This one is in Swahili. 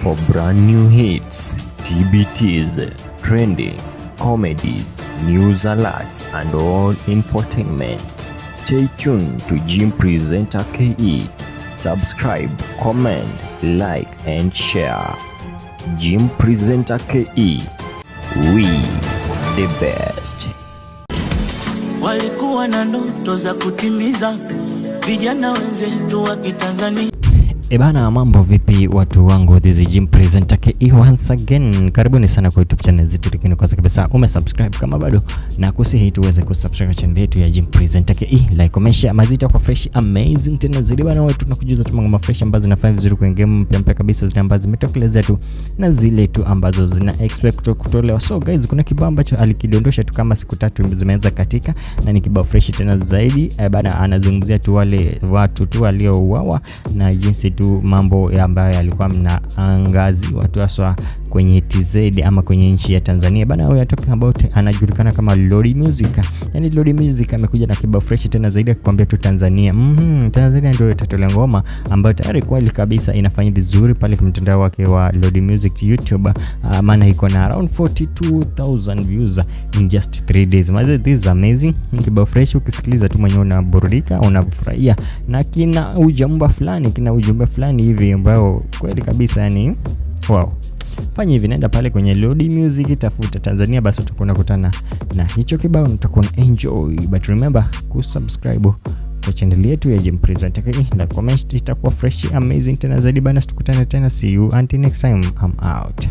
For brand new hits, TBTs, trending, comedies, news alerts, and all infotainment, stay tuned to Jim Presenter KE. Subscribe, comment, like, and share. Jim Presenter KE. We the best. Walikuwa na ndoto za kutimiza vijana wenzetu wa Kitanzania. Ebana, eh mambo vipi watu wangu, this is Jim presenter KE once again, karibuni sana kwa YouTube channel zetu, lakini kwanza kabisa umesubscribe kama bado, na kusihi tuweze kusubscribe channel yetu ya Jim presenter KE, like comment share, mazita kwa fresh amazing tena zile bana wetu, tunakujuza tu mambo fresh ambazo zinafanya vizuri kwenye game mpya mpya kabisa, zile ambazo zimetokelezea tu na zile tu ambazo zina expect kutolewa. So guys, kuna kibao ambacho alikidondosha tu kama siku tatu zimeanza katika, na ni kibao fresh tena zaidi. Ebana, eh anazungumzia tu wale watu tu waliouawa na jinsi tu mambo ya ambayo yalikuwa mnaangaziwa tu haswa kwenye TZ ama kwenye nchi ya Tanzania bana, huyo atoka about anajulikana kama Lodi Music. Yani Lodi Music amekuja na kibao fresh tena zaidi akikwambia tu Tanzania. Mm -hmm, Tanzania ndio itatolea ngoma ambayo tayari kweli kabisa inafanya vizuri pale kwa mtandao wake wa Lodi Music YouTube, ah, maana iko na around 42000 views in just 3 days. Maze, this is amazing. Kibao fresh ukisikiliza tu mwenyewe unaburudika, unafurahia na kina ujumbe fulani, kina ujumbe fulani hivi ambao kweli kabisa yani wow fanya hivi, naenda pale kwenye Lodi Music, tafuta Tanzania, basi utakuwa unakutana na hicho kibao na enjoy, but remember kusubscribe kwa channel yetu ya Jim Present na comment itakuwa fresh amazing tena zaidi bana. Tukutane tena, see you until next time, I'm out.